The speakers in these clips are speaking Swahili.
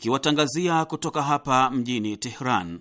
kiwatangazia kutoka hapa mjini Tehran.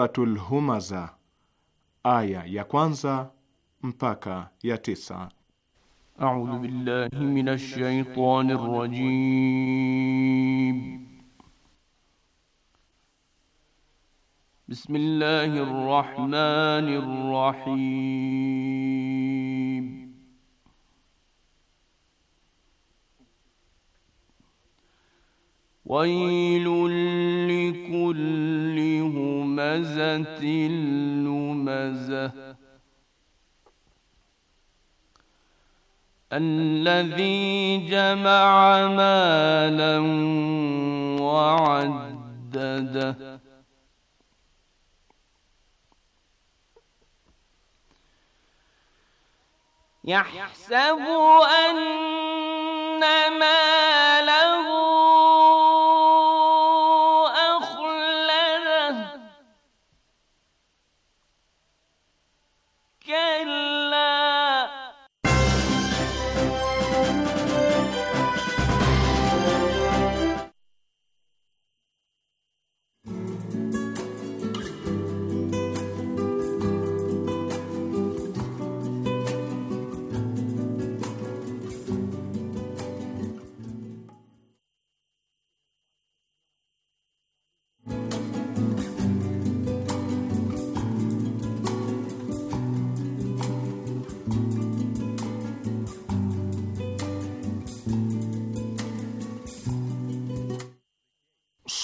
Suratul Humaza aya ya kwanza mpaka ya tisa. A'udhu billahi minash shaitani rrajim. Bismillahir rahmanir rahim. Wailul likulli لمزة لمزة الذي جمع مالا وعدده يحسب أن مالا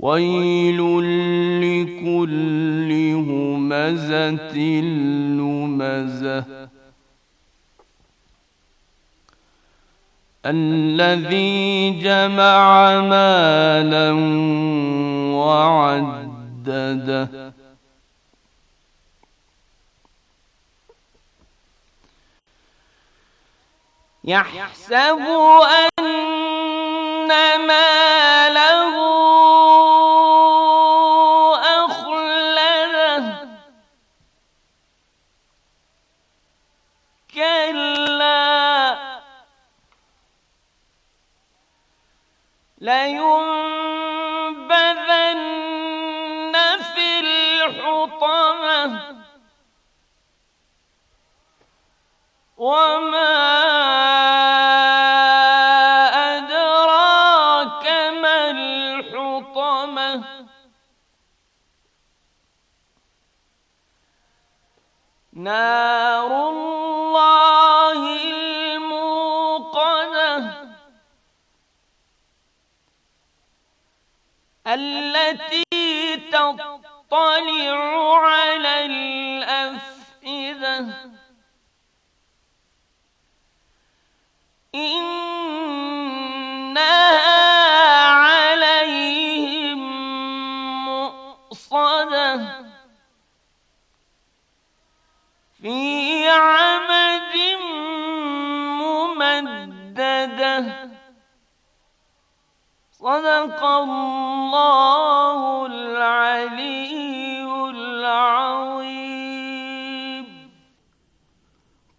ويل لكل همزة لمزة الذي جمع مالا وعدده يحسب أن ماله لينبذن في الحطمة وما على الأفئدة إنا عليهم في عمد صدق الله العليم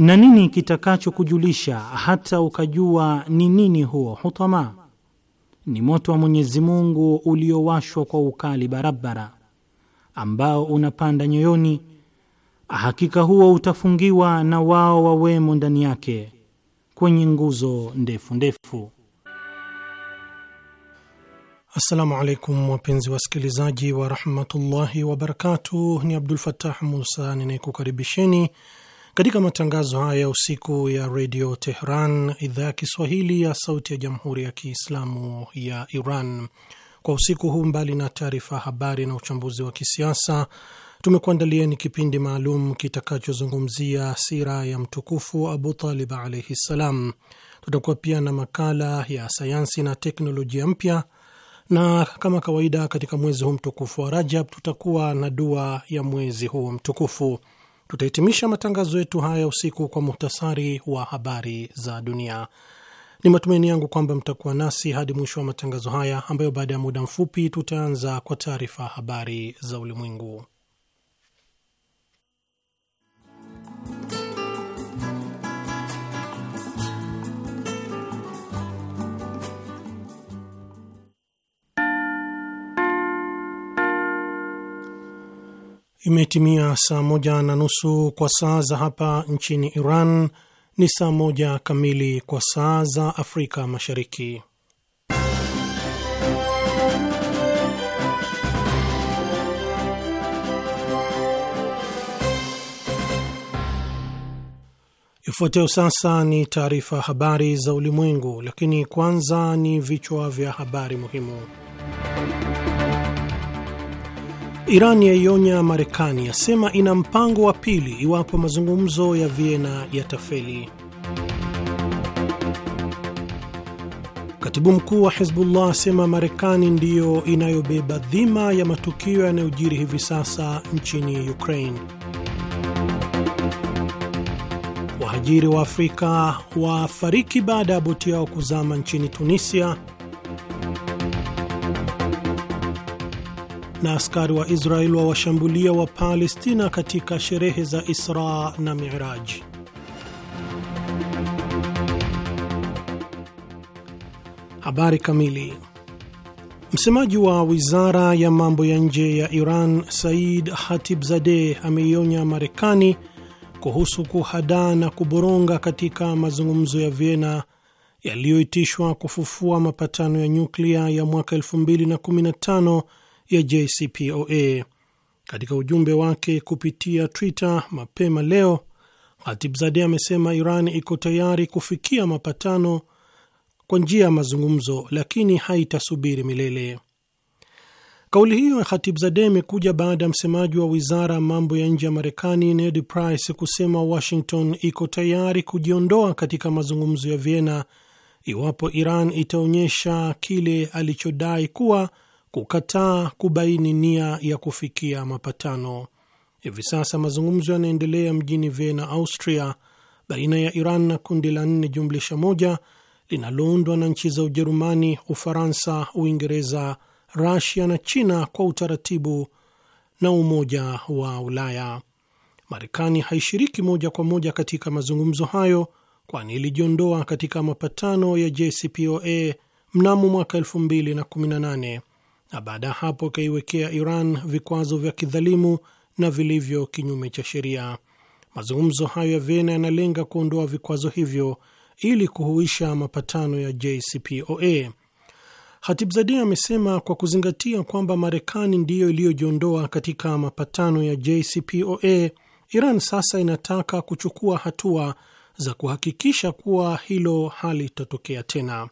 na nini kitakachokujulisha hata ukajua ni nini huo hutama? Ni moto wa Mwenyezi Mungu uliowashwa kwa ukali barabara, ambao unapanda nyoyoni. Hakika huo utafungiwa na wao wawemo ndani yake kwenye nguzo ndefu ndefu. Assalamu alaikum wapenzi wasikilizaji, warahmatullahi wabarakatuh. Ni Abdul Fattah Musa ninayekukaribisheni katika matangazo haya ya usiku ya redio Tehran, idhaa ya Kiswahili ya sauti ya jamhuri ya Kiislamu ya Iran, kwa usiku huu, mbali na taarifa ya habari na uchambuzi wa kisiasa, tumekuandalia ni kipindi maalum kitakachozungumzia sira ya mtukufu Abu Talib alaihi ssalam. Tutakuwa pia na makala ya sayansi na teknolojia mpya na kama kawaida katika mwezi huu mtukufu wa Rajab tutakuwa na dua ya mwezi huu mtukufu. Tutahitimisha matangazo yetu haya usiku kwa muhtasari wa habari za dunia. Ni matumaini yangu kwamba mtakuwa nasi hadi mwisho wa matangazo haya, ambayo baada ya muda mfupi tutaanza kwa taarifa habari za ulimwengu. Imetimia saa moja na nusu kwa saa za hapa nchini Iran, ni saa moja kamili kwa saa za Afrika Mashariki. Ifuatayo sasa ni taarifa habari za ulimwengu, lakini kwanza ni vichwa vya habari muhimu. Iran yaionya Marekani, yasema ina mpango wa pili iwapo mazungumzo ya Vienna yatafeli. Katibu mkuu wa Hezbullah asema Marekani ndiyo inayobeba dhima ya matukio yanayojiri hivi sasa nchini Ukraine. Wahajiri wa Afrika wafariki baada ya boti yao kuzama nchini Tunisia. na askari wa wa wawashambulia wa Palestina katika sherehe za Isra na Miraj. Habari kamili. Msemaji wa wizara ya mambo ya nje ya Iran Said Hatibzadeh ameionya Marekani kuhusu kuhadaa na kuboronga katika mazungumzo ya Vienna yaliyoitishwa kufufua mapatano ya nyuklia ya mwaka 2015 ya JCPOA. Katika ujumbe wake kupitia Twitter mapema leo, Khatibzadeh amesema Iran iko tayari kufikia mapatano kwa njia ya mazungumzo, lakini haitasubiri milele. Kauli hiyo ya Khatibzadeh imekuja baada ya msemaji wa wizara ya mambo ya nje ya Marekani Ned Price kusema Washington iko tayari kujiondoa katika mazungumzo ya Vienna iwapo Iran itaonyesha kile alichodai kuwa kukataa kubaini nia ya kufikia mapatano. Hivi sasa mazungumzo yanaendelea mjini Vienna, Austria, baina ya Iran na kundi la nne jumlisha moja linaloundwa na nchi za Ujerumani, Ufaransa, Uingereza, Rasia na China kwa utaratibu na Umoja wa Ulaya. Marekani haishiriki moja kwa moja katika mazungumzo hayo, kwani ilijiondoa katika mapatano ya JCPOA mnamo mwaka 2018 na baada ya hapo ikaiwekea Iran vikwazo vya kidhalimu na vilivyo kinyume cha sheria. Mazungumzo hayo ya Vienna yanalenga kuondoa vikwazo hivyo ili kuhuisha mapatano ya JCPOA. Hatibzadi amesema kwa kuzingatia kwamba Marekani ndiyo iliyojiondoa katika mapatano ya JCPOA, Iran sasa inataka kuchukua hatua za kuhakikisha kuwa hilo halitatokea tena.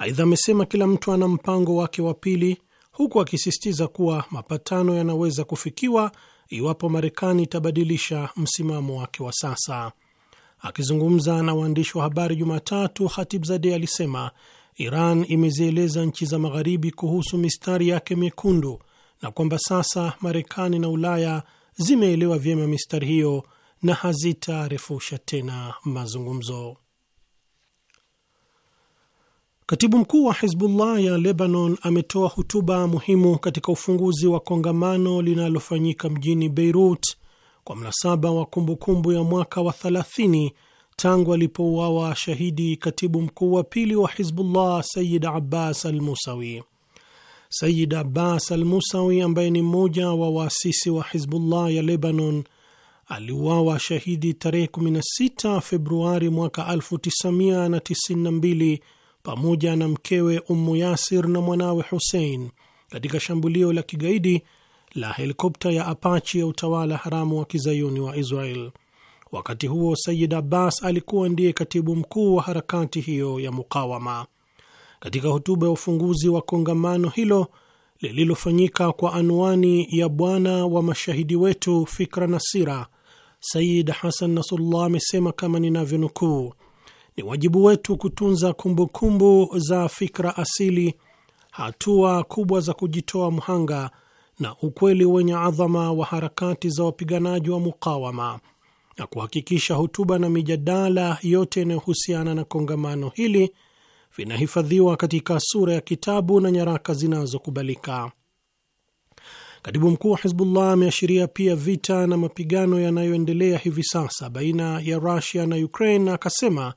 Aidha, amesema kila mtu ana mpango wake wa pili, huku akisisitiza kuwa mapatano yanaweza kufikiwa iwapo Marekani itabadilisha msimamo wake wa sasa. Akizungumza na waandishi wa habari Jumatatu, Hatibzadeh alisema Iran imezieleza nchi za Magharibi kuhusu mistari yake miekundu na kwamba sasa Marekani na Ulaya zimeelewa vyema mistari hiyo na hazitarefusha tena mazungumzo. Katibu mkuu wa Hizbullah ya Lebanon ametoa hutuba muhimu katika ufunguzi wa kongamano linalofanyika mjini Beirut kwa mnasaba wa kumbukumbu ya mwaka wa 30 tangu alipouawa shahidi katibu mkuu wa pili wa Hizbullah Sayid Abbas al Musawi. Sayid Abbas al Musawi, ambaye ni mmoja wa waasisi wa Hizbullah ya Lebanon, aliuawa shahidi tarehe 16 Februari mwaka 1992 pamoja na mkewe Ummu Yasir na mwanawe husein katika shambulio la kigaidi la helikopta ya Apache ya utawala haramu wa kizayuni wa Israel. Wakati huo Sayid Abbas alikuwa ndiye katibu mkuu wa harakati hiyo ya mukawama. Katika hotuba ya ufunguzi wa kongamano hilo lililofanyika kwa anwani ya Bwana wa mashahidi wetu, fikra na sira, Sayid Hasan Nasrullah amesema kama ninavyonukuu: ni wajibu wetu kutunza kumbukumbu kumbu za fikra asili, hatua kubwa za kujitoa mhanga na ukweli wenye adhama wa harakati za wapiganaji wa mukawama na kuhakikisha hotuba na mijadala yote inayohusiana na kongamano hili vinahifadhiwa katika sura ya kitabu na nyaraka zinazokubalika. Katibu mkuu wa Hizbullah ameashiria pia vita na mapigano yanayoendelea hivi sasa baina ya Rusia na Ukraine, akasema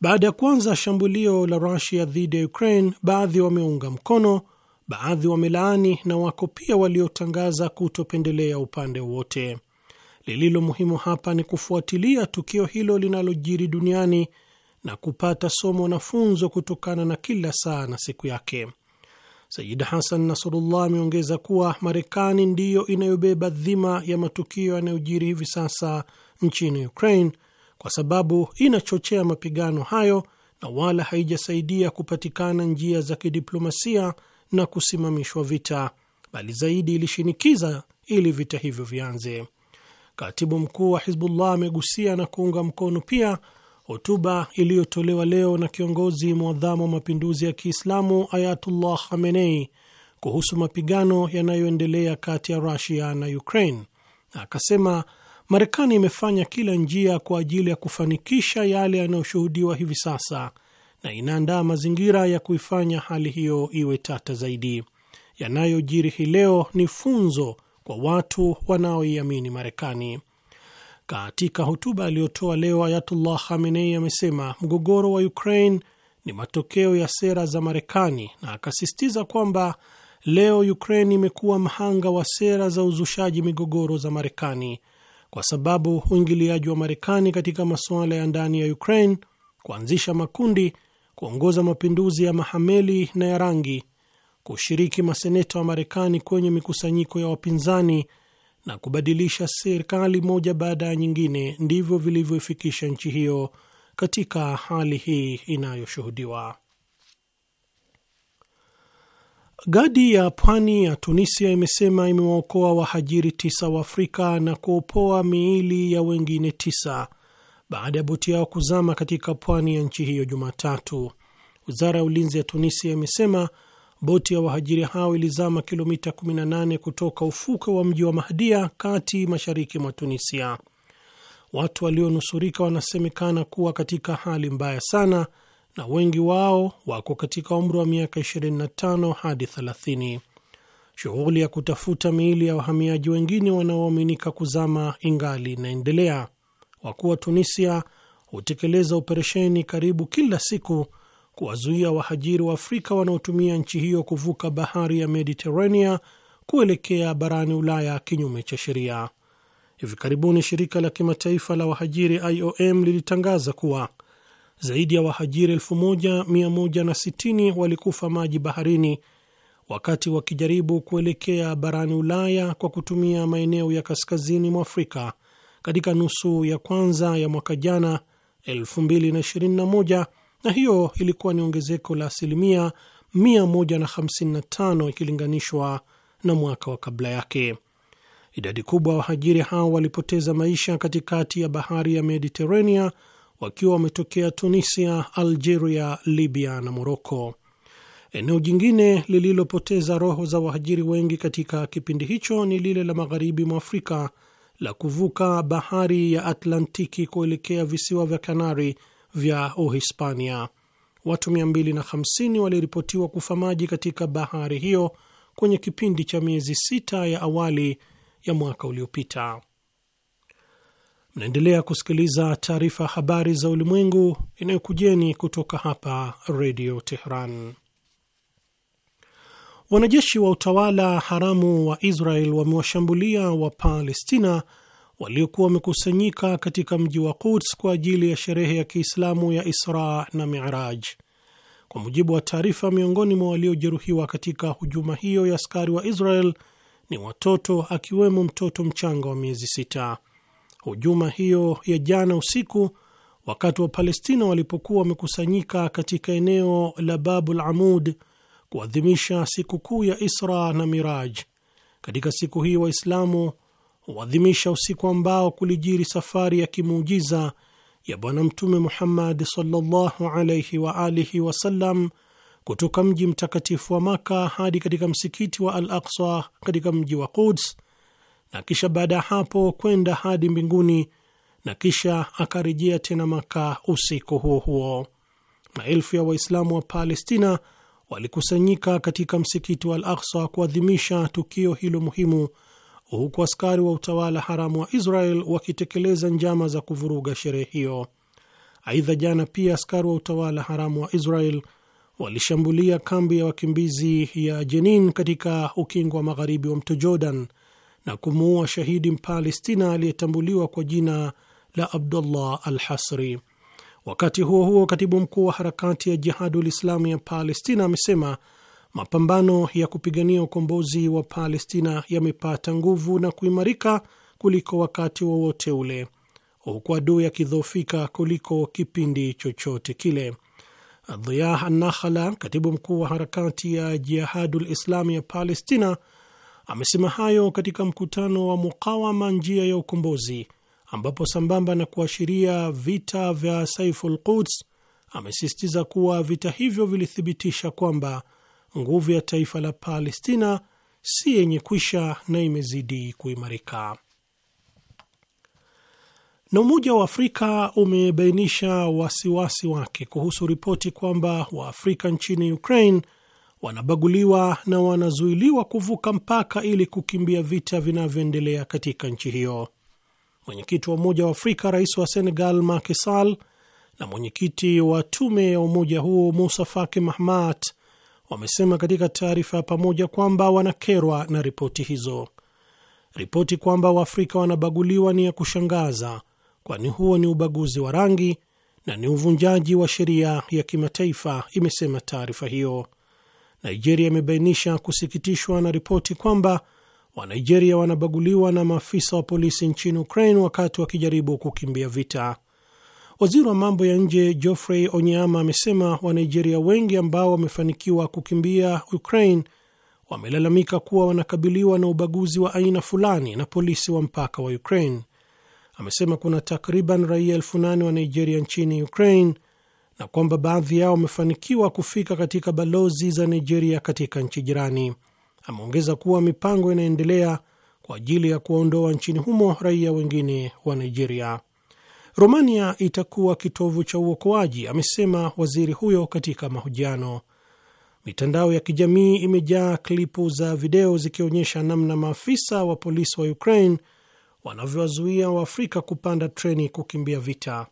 baada ya kwanza shambulio la Rusia dhidi ya Ukraine, baadhi wameunga mkono, baadhi wamelaani na wako pia waliotangaza kutopendelea upande wote Lililo muhimu hapa ni kufuatilia tukio hilo linalojiri duniani na kupata somo na funzo kutokana na kila saa na siku yake. Sayid Hasan Nasrullah ameongeza kuwa Marekani ndiyo inayobeba dhima ya matukio yanayojiri hivi sasa nchini Ukraine kwa sababu inachochea mapigano hayo na wala haijasaidia kupatikana njia za kidiplomasia na kusimamishwa vita, bali zaidi ilishinikiza ili vita hivyo vianze. Katibu mkuu wa Hizbullah amegusia na kuunga mkono pia hotuba iliyotolewa leo na kiongozi mwadhamu wa mapinduzi ya Kiislamu Ayatullah Khamenei kuhusu mapigano yanayoendelea kati ya Rusia na Ukraine, na akasema Marekani imefanya kila njia kwa ajili ya kufanikisha yale yanayoshuhudiwa hivi sasa na inaandaa mazingira ya kuifanya hali hiyo iwe tata zaidi. Yanayojiri hii leo ni funzo kwa watu wanaoiamini Marekani. Katika hotuba aliyotoa leo, Ayatullah Khamenei amesema mgogoro wa Ukraine ni matokeo ya sera za Marekani na akasisitiza kwamba leo Ukraine imekuwa mhanga wa sera za uzushaji migogoro za Marekani kwa sababu uingiliaji wa Marekani katika masuala ya ndani ya Ukraine, kuanzisha makundi, kuongoza mapinduzi ya mahameli na ya rangi, kushiriki maseneta wa Marekani kwenye mikusanyiko ya wapinzani na kubadilisha serikali moja baada ya nyingine, ndivyo vilivyoifikisha nchi hiyo katika hali hii inayoshuhudiwa. Gadi ya pwani ya Tunisia imesema imewaokoa wahajiri tisa wa Afrika na kuopoa miili ya wengine tisa baada ya boti yao kuzama katika pwani ya nchi hiyo Jumatatu. Wizara ya ulinzi ya Tunisia imesema boti ya wahajiri hao ilizama kilomita 18 kutoka ufukwe wa mji wa Mahdia kati mashariki mwa Tunisia. Watu walionusurika wanasemekana kuwa katika hali mbaya sana na wengi wao wako katika umri wa miaka 25 hadi 30. Shughuli ya kutafuta miili ya wahamiaji wengine wanaoaminika kuzama ingali inaendelea. Wakuu wa Tunisia hutekeleza operesheni karibu kila siku kuwazuia wahajiri wa Afrika wanaotumia nchi hiyo kuvuka bahari ya Mediterania kuelekea barani Ulaya kinyume cha sheria. Hivi karibuni shirika la kimataifa la wahajiri IOM lilitangaza kuwa zaidi ya wahajiri 1160 walikufa maji baharini wakati wakijaribu kuelekea barani Ulaya kwa kutumia maeneo ya kaskazini mwa Afrika katika nusu ya kwanza ya mwaka jana 2021, na hiyo ilikuwa ni ongezeko la asilimia 155 ikilinganishwa na mwaka wa kabla yake. Idadi kubwa ya wahajiri hao walipoteza maisha katikati ya bahari ya Mediterania wakiwa wametokea Tunisia, Algeria, Libya na Moroko. Eneo jingine lililopoteza roho za wahajiri wengi katika kipindi hicho ni lile la magharibi mwa Afrika la kuvuka bahari ya Atlantiki kuelekea visiwa vya Kanari vya Uhispania. Watu 250 waliripotiwa kufa maji katika bahari hiyo kwenye kipindi cha miezi sita ya awali ya mwaka uliopita. Mnaendelea kusikiliza taarifa habari za ulimwengu inayokujeni kutoka hapa Redio Tehran. Wanajeshi wa utawala haramu wa Israel wamewashambulia Wapalestina waliokuwa wamekusanyika katika mji wa Quds kwa ajili ya sherehe ya Kiislamu ya Isra na Miraj. Kwa mujibu wa taarifa, miongoni mwa waliojeruhiwa katika hujuma hiyo ya askari wa Israel ni watoto, akiwemo mtoto mchanga wa miezi sita hujuma hiyo ya jana usiku wakati wa Palestina walipokuwa wamekusanyika katika eneo la Babul Amud kuadhimisha sikukuu ya Isra na Miraj. Katika siku hii Waislamu huadhimisha usiku ambao kulijiri safari ya kimuujiza ya Bwana Mtume Muhammad sallallahu alaihi wa alihi wasallam kutoka mji mtakatifu wa Maka hadi katika msikiti wa Al Aqsa katika mji wa Quds na kisha baada ya hapo kwenda hadi mbinguni na kisha akarejea tena Maka usiku huo huo. Maelfu ya Waislamu wa Palestina walikusanyika katika msikiti wa Al Aksa kuadhimisha tukio hilo muhimu, huku askari wa utawala haramu wa Israel wakitekeleza njama za kuvuruga sherehe hiyo. Aidha, jana pia askari wa utawala haramu wa Israel walishambulia kambi ya wakimbizi ya Jenin katika ukingo wa magharibi wa mto Jordan na kumuua shahidi Mpalestina aliyetambuliwa kwa jina la Abdullah al Hasri. Wakati huo huo, katibu mkuu wa harakati ya Jihadul Islamu ya Palestina amesema mapambano ya kupigania ukombozi wa Palestina yamepata nguvu na kuimarika kuliko wakati wowote wa ule, huku adui yakidhoofika kuliko kipindi chochote kile. Dhiah Nakhala, katibu mkuu wa harakati ya Jihadul Islamu ya Palestina, Amesema hayo katika mkutano wa mukawama njia ya ukombozi, ambapo sambamba na kuashiria vita vya Saiful Quds amesisitiza kuwa vita hivyo vilithibitisha kwamba nguvu ya taifa la Palestina si yenye kwisha na imezidi kuimarika. Na Umoja wa Afrika umebainisha wasiwasi wake kuhusu ripoti kwamba Waafrika nchini Ukraine wanabaguliwa na wanazuiliwa kuvuka mpaka ili kukimbia vita vinavyoendelea katika nchi hiyo. Mwenyekiti wa Umoja wa Afrika, rais wa Senegal Macky Sall na mwenyekiti wa tume ya umoja huo Musa Faki Mahamat wamesema katika taarifa ya pamoja kwamba wanakerwa na ripoti hizo. Ripoti kwamba Waafrika wanabaguliwa ni ya kushangaza, kwani huo ni ubaguzi wa rangi na ni uvunjaji wa sheria ya kimataifa, imesema taarifa hiyo. Nigeria imebainisha kusikitishwa na ripoti kwamba Wanigeria wanabaguliwa na maafisa wa polisi nchini Ukraine wakati wakijaribu kukimbia vita. Waziri wa mambo ya nje Geoffrey Onyama amesema Wanigeria wengi ambao wamefanikiwa kukimbia Ukraine wamelalamika kuwa wanakabiliwa na ubaguzi wa aina fulani na polisi wa mpaka wa Ukraine. Amesema kuna takriban raia elfu nane wa Nigeria nchini Ukraine na kwamba baadhi yao wamefanikiwa kufika katika balozi za Nigeria katika nchi jirani. Ameongeza kuwa mipango inaendelea kwa ajili ya kuwaondoa nchini humo raia wengine wa Nigeria. Romania itakuwa kitovu cha uokoaji, amesema waziri huyo katika mahojiano. Mitandao ya kijamii imejaa klipu za video zikionyesha namna maafisa wa polisi wa Ukraine wanavyowazuia Waafrika kupanda treni kukimbia vita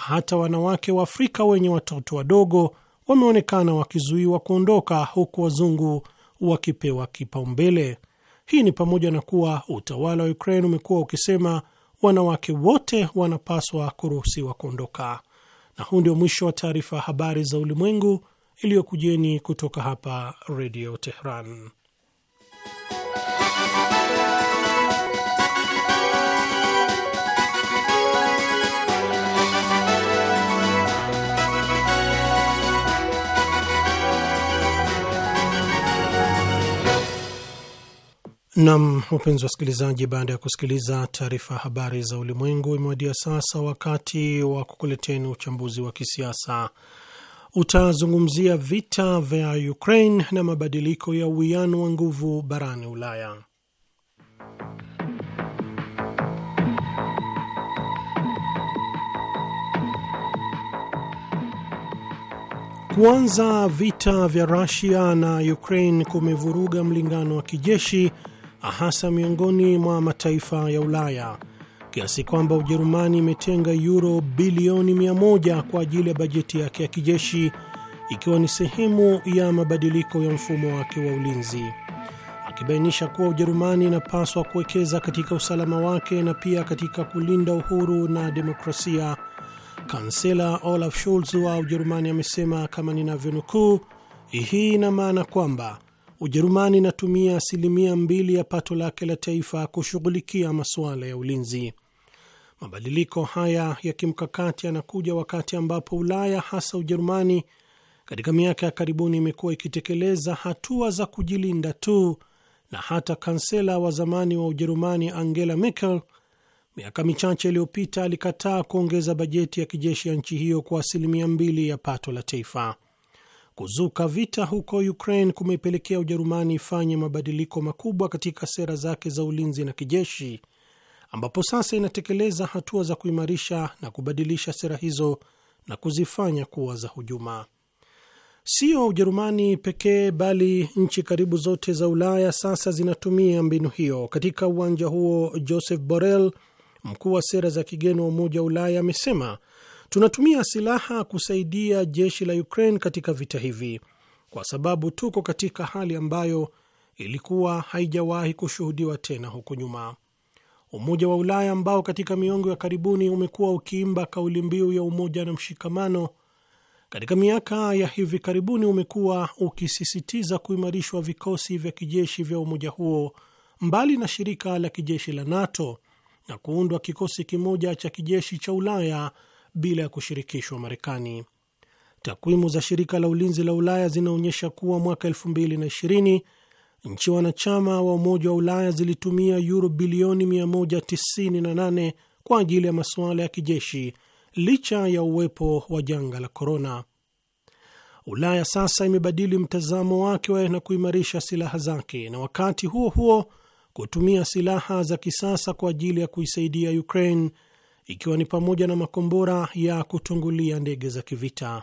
hata wanawake wa Afrika wenye watoto wadogo wameonekana wakizuiwa kuondoka huku wazungu wakipewa kipaumbele. Hii ni pamoja na kuwa utawala wa Ukraine umekuwa ukisema wanawake wote wanapaswa kuruhusiwa kuondoka. Na huu ndio mwisho wa taarifa ya habari za ulimwengu iliyokujeni kutoka hapa Redio teheran Nam, wapenzi wasikilizaji, baada ya kusikiliza taarifa ya habari za ulimwengu, imewadia sasa wakati wa kukuleteni uchambuzi wa kisiasa. Utazungumzia vita vya Ukraine na mabadiliko ya uwiano wa nguvu barani Ulaya. Kuanza vita vya Rusia na Ukraine kumevuruga mlingano wa kijeshi hasa miongoni mwa mataifa ya Ulaya kiasi kwamba Ujerumani imetenga yuro bilioni 100 kwa ajili ya bajeti yake ya kijeshi ikiwa ni sehemu ya mabadiliko ya mfumo wake wa ulinzi, akibainisha kuwa Ujerumani inapaswa kuwekeza katika usalama wake na pia katika kulinda uhuru na demokrasia. Kansela Olaf Scholz wa Ujerumani amesema kama ninavyonukuu, hii ina maana kwamba Ujerumani inatumia asilimia mbili ya pato lake la taifa kushughulikia masuala ya ulinzi. Mabadiliko haya ya kimkakati yanakuja wakati ambapo Ulaya, hasa Ujerumani, katika miaka ya karibuni imekuwa ikitekeleza hatua za kujilinda tu, na hata kansela wa zamani wa Ujerumani Angela Merkel miaka michache iliyopita alikataa kuongeza bajeti ya kijeshi ya nchi hiyo kwa asilimia mbili ya pato la taifa. Kuzuka vita huko Ukraine kumeipelekea Ujerumani ifanye mabadiliko makubwa katika sera zake za ulinzi na kijeshi, ambapo sasa inatekeleza hatua za kuimarisha na kubadilisha sera hizo na kuzifanya kuwa za hujuma. Sio Ujerumani pekee, bali nchi karibu zote za Ulaya sasa zinatumia mbinu hiyo. Katika uwanja huo, Joseph Borrell, mkuu wa sera za kigeni wa Umoja wa Ulaya, amesema tunatumia silaha kusaidia jeshi la Ukraine katika vita hivi, kwa sababu tuko katika hali ambayo ilikuwa haijawahi kushuhudiwa tena huko nyuma. Umoja wa Ulaya ambao katika miongo ya karibuni umekuwa ukiimba kauli mbiu ya umoja na mshikamano, katika miaka ya hivi karibuni umekuwa ukisisitiza kuimarishwa vikosi vya kijeshi vya umoja huo mbali na shirika la kijeshi la NATO na kuundwa kikosi kimoja cha kijeshi cha Ulaya bila ya kushirikishwa Marekani. Takwimu za shirika la ulinzi la Ulaya zinaonyesha kuwa mwaka 2020 nchi wanachama wa Umoja wa Ulaya zilitumia yuro bilioni 198 kwa ajili ya masuala ya kijeshi licha ya uwepo wa janga la korona. Ulaya sasa imebadili mtazamo wake na kuimarisha silaha zake na wakati huo huo kutumia silaha za kisasa kwa ajili ya kuisaidia Ukraine ikiwa ni pamoja na makombora ya kutungulia ndege za kivita.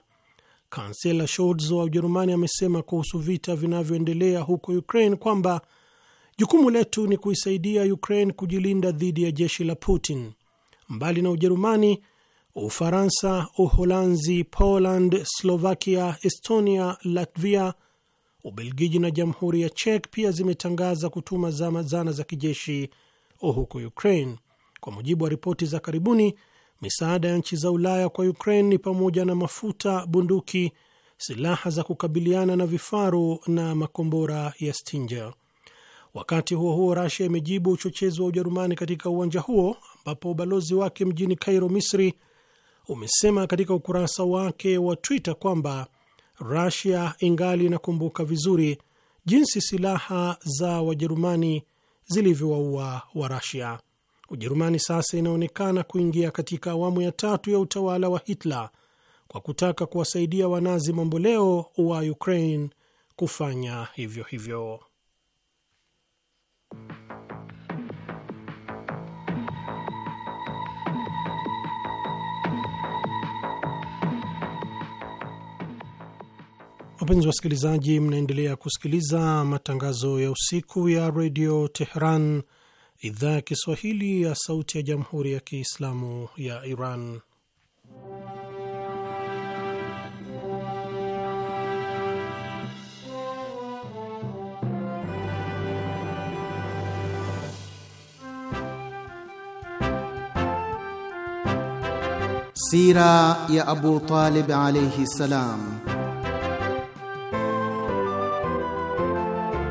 Kansela Scholz wa Ujerumani amesema kuhusu vita vinavyoendelea huko Ukraine kwamba jukumu letu ni kuisaidia Ukraine kujilinda dhidi ya jeshi la Putin. Mbali na Ujerumani, Ufaransa, Uholanzi, Poland, Slovakia, Estonia, Latvia, Ubelgiji na Jamhuri ya Czech pia zimetangaza kutuma zama zana za kijeshi huko Ukraine. Kwa mujibu wa ripoti za karibuni, misaada ya nchi za Ulaya kwa Ukraine ni pamoja na mafuta, bunduki, silaha za kukabiliana na vifaru na makombora ya Stinger. Wakati huo huo, Rasia imejibu uchochezi wa Ujerumani katika uwanja huo, ambapo ubalozi wake mjini Cairo, Misri, umesema katika ukurasa wake wa Twitter kwamba Rasia ingali inakumbuka vizuri jinsi silaha za Wajerumani zilivyowaua wa Rasia. Ujerumani sasa inaonekana kuingia katika awamu ya tatu ya utawala wa Hitler kwa kutaka kuwasaidia wanazi mamboleo wa Ukraine kufanya hivyo hivyo. Wapenzi wasikilizaji, mnaendelea kusikiliza matangazo ya usiku ya redio teheran idhaa ya Kiswahili ya Sauti ya Jamhuri ya Kiislamu ya Iran. Sira ya Abu Talib alayhi salam.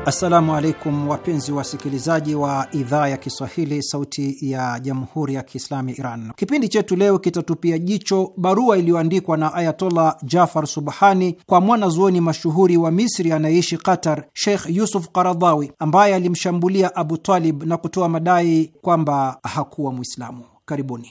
Assalamu alaikum wapenzi wasikilizaji wa idhaa ya Kiswahili, sauti ya jamhuri ya kiislamu ya Iran. Kipindi chetu leo kitatupia jicho barua iliyoandikwa na Ayatollah Jafar Subhani kwa mwanazuoni mashuhuri wa Misri anayeishi Qatar, Sheikh Yusuf Qaradhawi, ambaye alimshambulia Abu Talib na kutoa madai kwamba hakuwa Mwislamu. Karibuni.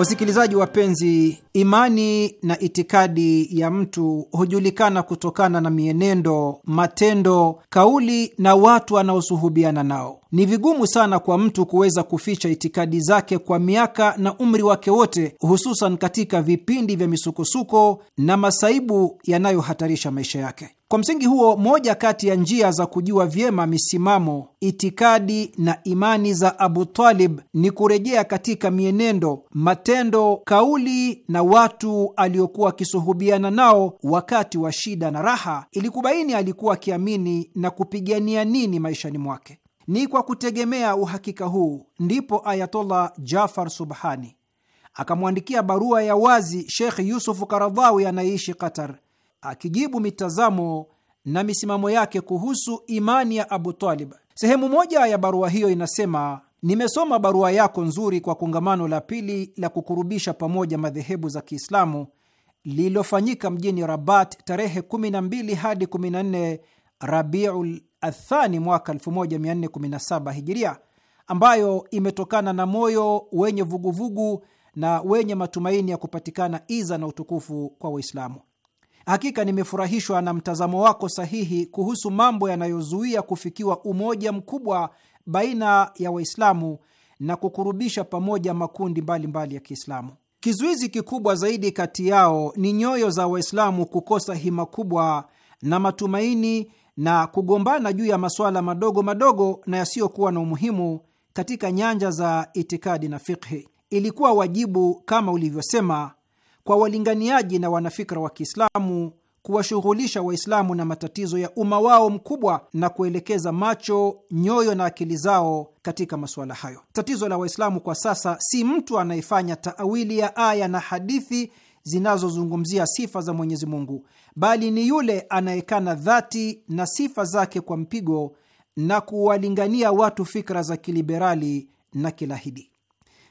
Wasikilizaji wapenzi, imani na itikadi ya mtu hujulikana kutokana na mienendo, matendo, kauli na watu anaosuhubiana nao ni vigumu sana kwa mtu kuweza kuficha itikadi zake kwa miaka na umri wake wote, hususan katika vipindi vya misukosuko na masaibu yanayohatarisha maisha yake. Kwa msingi huo, moja kati ya njia za kujua vyema misimamo, itikadi na imani za Abu Talib ni kurejea katika mienendo, matendo, kauli na watu aliokuwa akisuhubiana nao wakati wa shida na raha, ili kubaini alikuwa akiamini na kupigania nini maishani mwake. Ni kwa kutegemea uhakika huu ndipo Ayatollah Jafar Subhani akamwandikia barua ya wazi Sheikh Yusufu Karadhawi anayeishi Qatar, akijibu mitazamo na misimamo yake kuhusu imani ya Abu Talib. Sehemu moja ya barua hiyo inasema: nimesoma barua yako nzuri kwa kongamano la pili la kukurubisha pamoja madhehebu za Kiislamu lililofanyika mjini Rabat tarehe 12 hadi 14 Rabiul Athani mwaka 1417 Hijiria, ambayo imetokana na moyo wenye vuguvugu vugu na wenye matumaini ya kupatikana iza na utukufu kwa Waislamu. Hakika nimefurahishwa na mtazamo wako sahihi kuhusu mambo yanayozuia kufikiwa umoja mkubwa baina ya Waislamu na kukurubisha pamoja makundi mbalimbali mbali ya Kiislamu. Kizuizi kikubwa zaidi kati yao ni nyoyo za Waislamu kukosa hima kubwa na matumaini na kugombana juu ya masuala madogo madogo na yasiyokuwa na umuhimu katika nyanja za itikadi na fikhi. Ilikuwa wajibu, kama ulivyosema, kwa walinganiaji na wanafikra wa Kiislamu kuwashughulisha Waislamu na matatizo ya umma wao mkubwa na kuelekeza macho, nyoyo na akili zao katika masuala hayo. Tatizo la Waislamu kwa sasa si mtu anayefanya taawili ya aya na hadithi zinazozungumzia sifa za Mwenyezi Mungu, bali ni yule anayekana dhati na sifa zake kwa mpigo na kuwalingania watu fikra za kiliberali na kilahidi.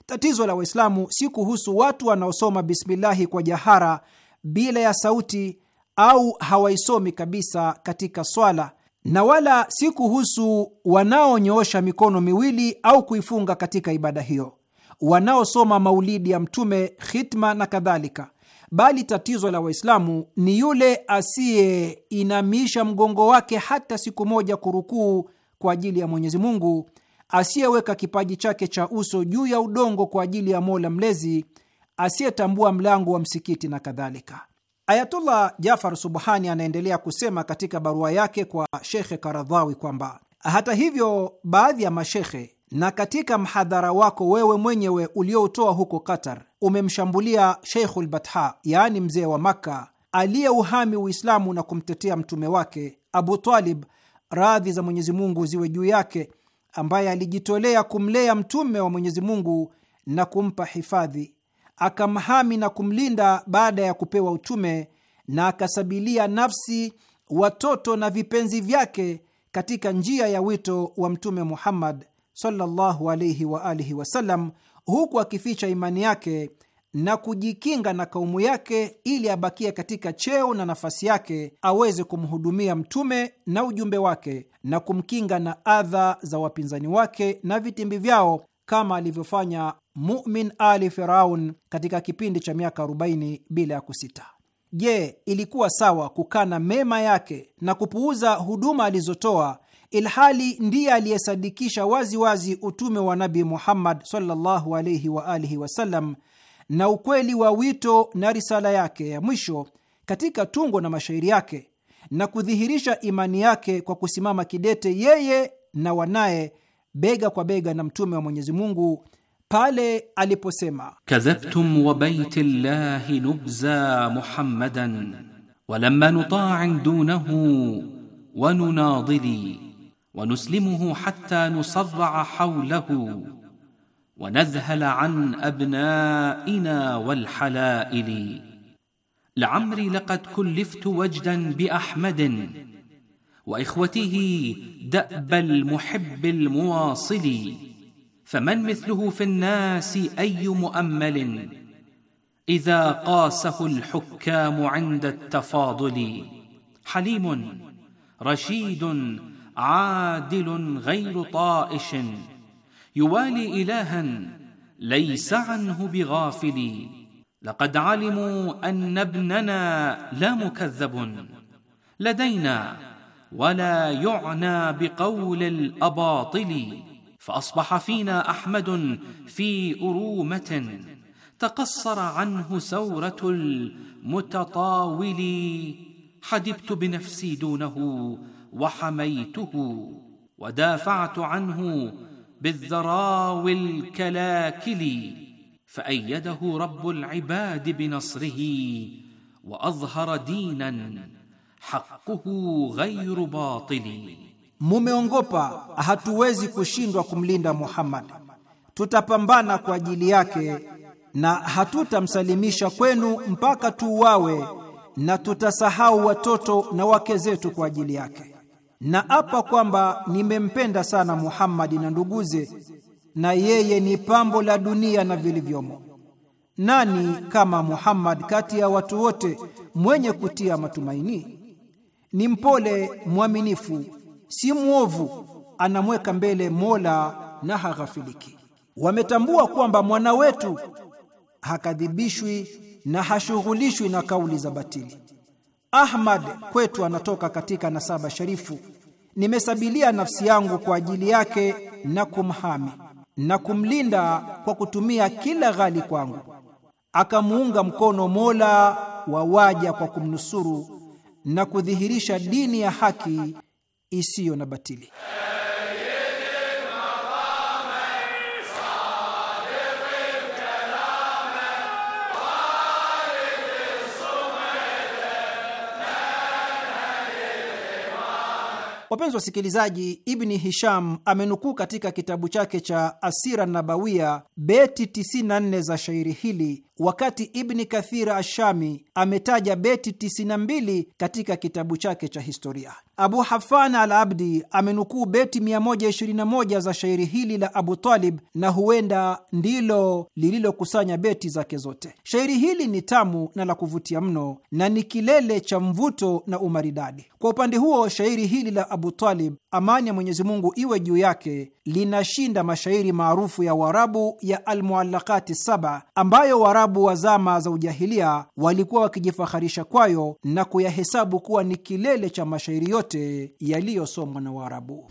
Tatizo la Waislamu si kuhusu watu wanaosoma bismillahi kwa jahara bila ya sauti au hawaisomi kabisa katika swala, na wala si kuhusu wanaonyoosha mikono miwili au kuifunga katika ibada hiyo, wanaosoma maulidi ya Mtume, khitma na kadhalika, bali tatizo la Waislamu ni yule asiyeinamisha mgongo wake hata siku moja kurukuu kwa ajili ya Mwenyezi Mungu, asiyeweka kipaji chake cha uso juu ya udongo kwa ajili ya Mola Mlezi, asiyetambua mlango wa msikiti na kadhalika. Ayatullah Jafar Subhani anaendelea kusema katika barua yake kwa Shekhe Karadhawi kwamba hata hivyo, baadhi ya mashekhe na katika mhadhara wako wewe mwenyewe uliotoa huko Qatar umemshambulia Sheikhul Batha, yaani mzee wa Makka aliyeuhami Uislamu na kumtetea mtume wake Abu Talib, radhi za Mwenyezi Mungu ziwe juu yake, ambaye alijitolea kumlea mtume wa Mwenyezi Mungu na kumpa hifadhi, akamhami na kumlinda baada ya kupewa utume, na akasabilia nafsi, watoto na vipenzi vyake katika njia ya wito wa Mtume Muhammad sallallahu alayhi wa alihi wasallam, huku akificha imani yake na kujikinga na kaumu yake ili abakie katika cheo na nafasi yake aweze kumhudumia mtume na ujumbe wake na kumkinga na adha za wapinzani wake na vitimbi vyao kama alivyofanya mumin ali Firaun katika kipindi cha miaka 40 bila ya kusita. Je, ilikuwa sawa kukana mema yake na kupuuza huduma alizotoa ilhali ndiye aliyesadikisha waziwazi utume wa Nabi Muhammad sallallahu alaihi wa alihi wasallam na ukweli wa wito na risala yake ya mwisho katika tungo na mashairi yake na kudhihirisha imani yake kwa kusimama kidete yeye na wanaye bega kwa bega na mtume wa Mwenyezi Mungu pale aliposema, kadhabtum wa baiti llahi nubza muhammadan walamma nutain dunahu wa ونسلمه حتى نصرع حوله ونذهل عن أبنائنا والحلائل لعمري لقد كلفت وجدا بأحمد وإخوته دأب المحب المواصل فمن مثله في الناس أي مؤمل إذا قاسه الحكام عند التفاضل حليم رشيد عادل غير طائش يوالي إلها ليس عنه بغافل لقد علموا أن ابننا لا مكذب لدينا ولا يعنى بقول الأباطل فأصبح فينا أحمد في أرومة تقصر عنه سورة المتطاول حدبت بنفسي دونه وحميته ودافعت عنه بالذراو الكلاكل فأيده رب العباد بنصره وأظهر دينا حقه غير باطل Mumeongopa, hatuwezi kushindwa kumlinda Muhammad. Tutapambana kwa ajili yake na hatutamsalimisha kwenu mpaka tuuawe, na tutasahau watoto na wake zetu kwa ajili yake na apa kwamba nimempenda sana Muhammadi na nduguze, na yeye ni pambo la dunia na vilivyomo. Nani kama Muhammad kati ya watu wote, mwenye kutia matumaini? Ni mpole mwaminifu, si mwovu, anamweka mbele Mola na haghafiliki. Wametambua kwamba mwana wetu hakadhibishwi na hashughulishwi na kauli za batili. Ahmad kwetu anatoka katika nasaba sharifu. Nimesabilia nafsi yangu kwa ajili yake na kumhami na kumlinda kwa kutumia kila ghali kwangu, akamuunga mkono Mola wa waja kwa kumnusuru na kudhihirisha dini ya haki isiyo na batili. Wapenzi wasikilizaji, Ibni Hisham amenukuu katika kitabu chake cha Asira Nabawiya beti 94 za shairi hili wakati Ibni Kathira Ashami ametaja beti 92 katika kitabu chake cha historia. Abu Hafan al Abdi amenukuu beti 121 za shairi hili la Abu Talib, na huenda ndilo lililokusanya beti zake zote. Shairi hili ni tamu na la kuvutia mno na ni kilele cha mvuto na umaridadi. Kwa upande huo, shairi hili la Abu Talib, amani ya Mwenyezi Mungu iwe juu yake, linashinda mashairi maarufu ya Waarabu ya Almuallakati Saba ambayo Waarabu Waarabu wa zama za ujahilia walikuwa wakijifaharisha kwayo na kuyahesabu kuwa ni kilele cha mashairi yote yaliyosomwa na Waarabu.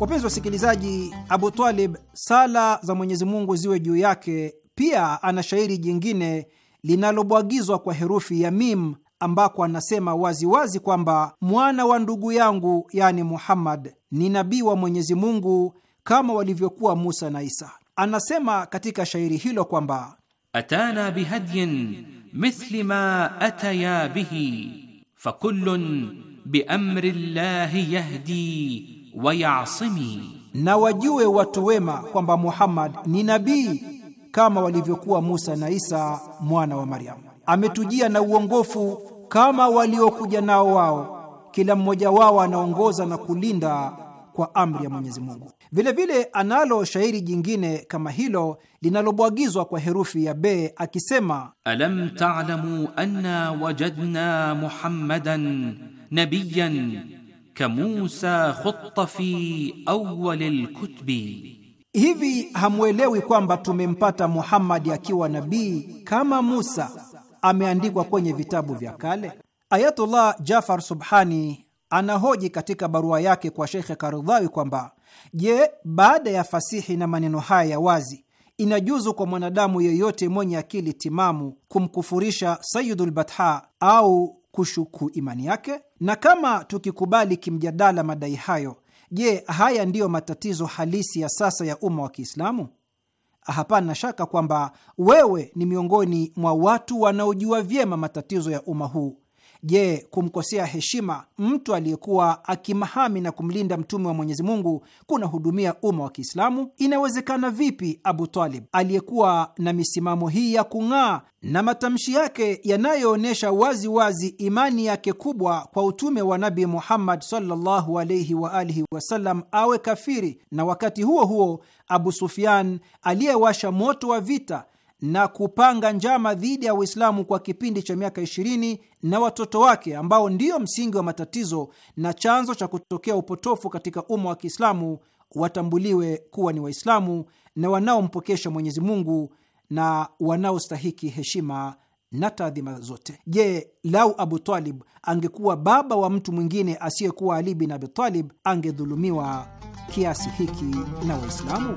Wapenzi wasikilizaji, Abu Talib, sala za Mwenyezi Mungu ziwe juu yake, pia ana shairi jingine linalobwagizwa kwa herufi ya mim ambako anasema waziwazi kwamba mwana wa ndugu yangu, yani Muhammad, ni nabii wa Mwenyezi Mungu kama walivyokuwa Musa na Isa. Anasema katika shairi hilo kwamba atana bihadyin mithli ma ataya bihi fakullun biamri llahi yahdi wa yasimi, na wajue watu wema kwamba Muhammad ni nabii kama walivyokuwa Musa na Isa mwana wa Maryamu. Ametujia na uongofu kama waliokuja nao wao kila mmoja wao anaongoza na kulinda kwa amri ya Mwenyezi Mungu. Vilevile analo shairi jingine kama hilo linalobwagizwa kwa herufi ya be akisema, alam ta'lamu anna wajadna muhammadan nabiyan ka Musa khutta fi awwal lkutbi hivi hamwelewi kwamba tumempata Muhammadi akiwa nabii kama Musa ameandikwa kwenye vitabu vya kale. Ayatullah Jafar Subhani anahoji katika barua yake kwa Sheikhe Karudhawi kwamba je, baada ya fasihi na maneno haya ya wazi inajuzu kwa mwanadamu yeyote mwenye akili timamu kumkufurisha Sayidul Batha au kushuku imani yake? Na kama tukikubali kimjadala madai hayo, je, haya ndiyo matatizo halisi ya sasa ya umma wa Kiislamu? Hapana shaka kwamba wewe ni miongoni mwa watu wanaojua vyema matatizo ya umma huu Je, kumkosea heshima mtu aliyekuwa akimahami na kumlinda mtume wa Mwenyezi Mungu kunahudumia umma wa Kiislamu? Inawezekana vipi Abu Talib aliyekuwa na misimamo hii ya kung'aa na matamshi yake yanayoonyesha wazi wazi imani yake kubwa kwa utume wa Nabi Muhammad sallallahu alaihi wa alihi wasallam awe kafiri, na wakati huo huo Abu Sufyan aliyewasha moto wa vita na kupanga njama dhidi ya Uislamu kwa kipindi cha miaka 20 na watoto wake ambao ndiyo msingi wa matatizo na chanzo cha kutokea upotofu katika umma wa Kiislamu watambuliwe kuwa ni Waislamu na wanaompokesha Mwenyezi Mungu na wanaostahiki heshima na taadhima zote. Je, lau Abu Talib angekuwa baba wa mtu mwingine asiyekuwa Ali bin Abi Talib, angedhulumiwa kiasi hiki na Waislamu?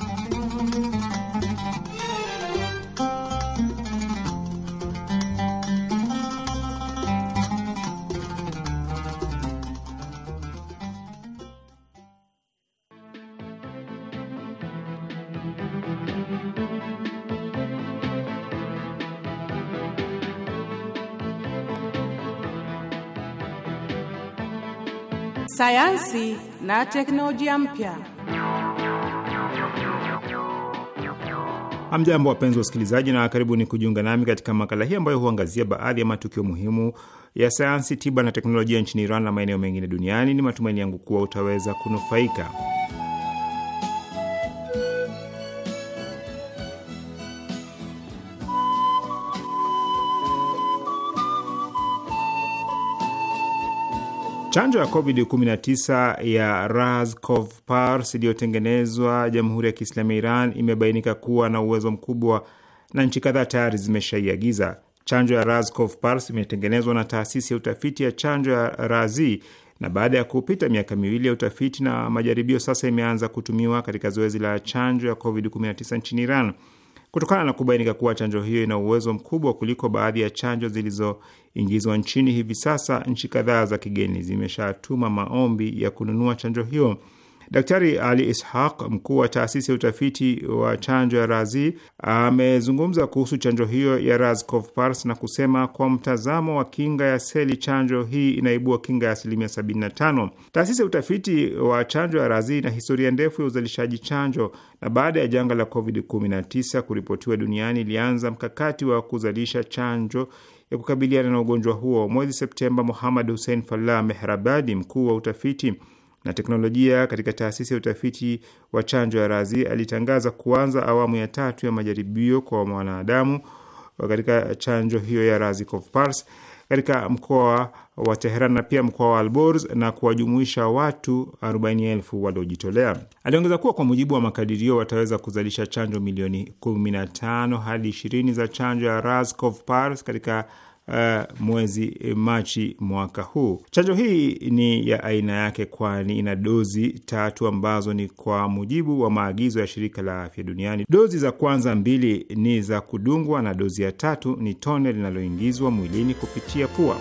sayansi na teknolojia mpya. Hamjambo, wapenzi wa usikilizaji, na karibuni kujiunga nami katika makala hii ambayo huangazia baadhi ya matukio muhimu ya sayansi, tiba na teknolojia nchini Iran na maeneo mengine duniani. Ni matumaini yangu kuwa utaweza kunufaika. Chanjo ya COVID-19 ya Raskov Pars iliyotengenezwa Jamhuri ya Kiislamu ya Iran imebainika kuwa na uwezo mkubwa na nchi kadhaa tayari zimeshaiagiza. Chanjo ya Raskov Pars imetengenezwa na taasisi ya utafiti ya chanjo ya Razi na baada ya kupita miaka miwili ya utafiti na majaribio, sasa imeanza kutumiwa katika zoezi la chanjo ya COVID-19 nchini Iran kutokana na kubainika kuwa chanjo hiyo ina uwezo mkubwa kuliko baadhi ya chanjo zilizoingizwa nchini hivi sasa. Nchi kadhaa za kigeni zimeshatuma maombi ya kununua chanjo hiyo. Daktari Ali Ishaq, mkuu wa taasisi ya utafiti wa chanjo ya Razi, amezungumza kuhusu chanjo hiyo ya Raskov-Pars na kusema kwa mtazamo wa kinga ya seli, chanjo hii inaibua kinga ya asilimia 75. Taasisi ya utafiti wa chanjo ya Razi ina historia ndefu ya uzalishaji chanjo, na baada ya janga la COVID-19 kuripotiwa duniani ilianza mkakati wa kuzalisha chanjo ya kukabiliana na ugonjwa huo. Mwezi Septemba, Muhammad Hussein Fallah Mehrabadi, mkuu wa utafiti na teknolojia katika taasisi ya utafiti wa chanjo ya Razi alitangaza kuanza awamu ya tatu ya majaribio kwa mwanadamu uh, katika chanjo hiyo ya Razi Pars katika mkoa wa Teheran na pia mkoa wa Alborz na kuwajumuisha watu 40,000 waliojitolea. Aliongeza kuwa kwa mujibu wa makadirio wataweza kuzalisha chanjo milioni 15 hadi 20 za chanjo ya Razi katika uh, mwezi Machi mwaka huu. Chanjo hii ni ya aina yake, kwani ina dozi tatu ambazo ni kwa mujibu wa maagizo ya shirika la afya duniani. Dozi za kwanza mbili ni za kudungwa na dozi ya tatu ni tone linaloingizwa mwilini kupitia pua.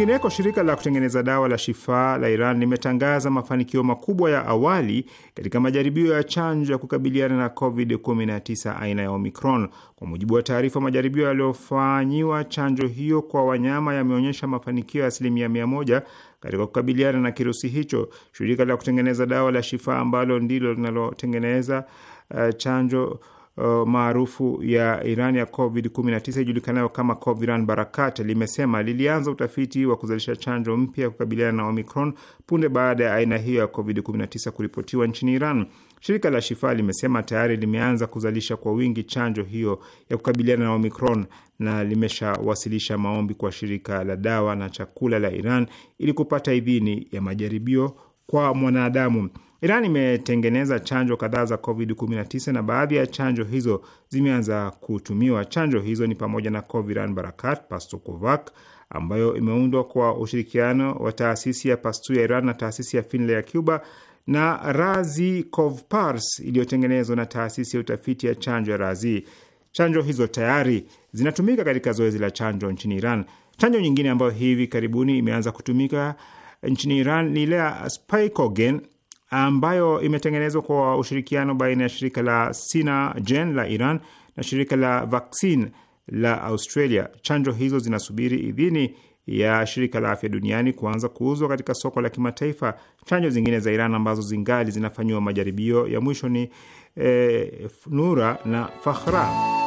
Kwingineko, shirika la kutengeneza dawa la Shifaa la Iran limetangaza mafanikio makubwa ya awali katika majaribio ya chanjo ya kukabiliana na COVID-19 aina ya Omicron. Kwa mujibu wa taarifa, majaribio yaliyofanyiwa chanjo hiyo kwa wanyama yameonyesha mafanikio ya asilimia mia moja katika kukabiliana na kirusi hicho. Shirika la kutengeneza dawa la Shifaa ambalo ndilo linalotengeneza uh, chanjo uh, maarufu ya Iran ya COVID-19 ijulikanayo kama Coviran Barakat limesema lilianza utafiti wa kuzalisha chanjo mpya ya kukabiliana na Omicron punde baada ya aina hiyo ya COVID-19 kuripotiwa nchini Iran. Shirika la Shifa limesema tayari limeanza kuzalisha kwa wingi chanjo hiyo ya kukabiliana na Omicron na limeshawasilisha maombi kwa shirika la dawa na chakula la Iran ili kupata idhini ya majaribio kwa mwanadamu. Iran imetengeneza chanjo kadhaa za COVID-19 na baadhi ya chanjo hizo zimeanza kutumiwa. Chanjo hizo ni pamoja na Coviran Barakat, Pastokovac ambayo imeundwa kwa ushirikiano wa taasisi ya Pasteur ya Iran na taasisi ya Finlay ya Cuba na Razi Covpars iliyotengenezwa na taasisi ya utafiti ya chanjo ya Razi. Chanjo hizo tayari zinatumika katika zoezi la chanjo nchini Iran. Chanjo nyingine ambayo hivi karibuni imeanza kutumika nchini Iran ni ile ya Spikogen ambayo imetengenezwa kwa ushirikiano baina ya shirika la Sinagen la Iran na shirika la Vaccine la Australia. Chanjo hizo zinasubiri idhini ya shirika la afya duniani kuanza kuuzwa katika soko la kimataifa. Chanjo zingine za Iran ambazo zingali zinafanyiwa majaribio ya mwisho ni eh, Nura na Fakhra.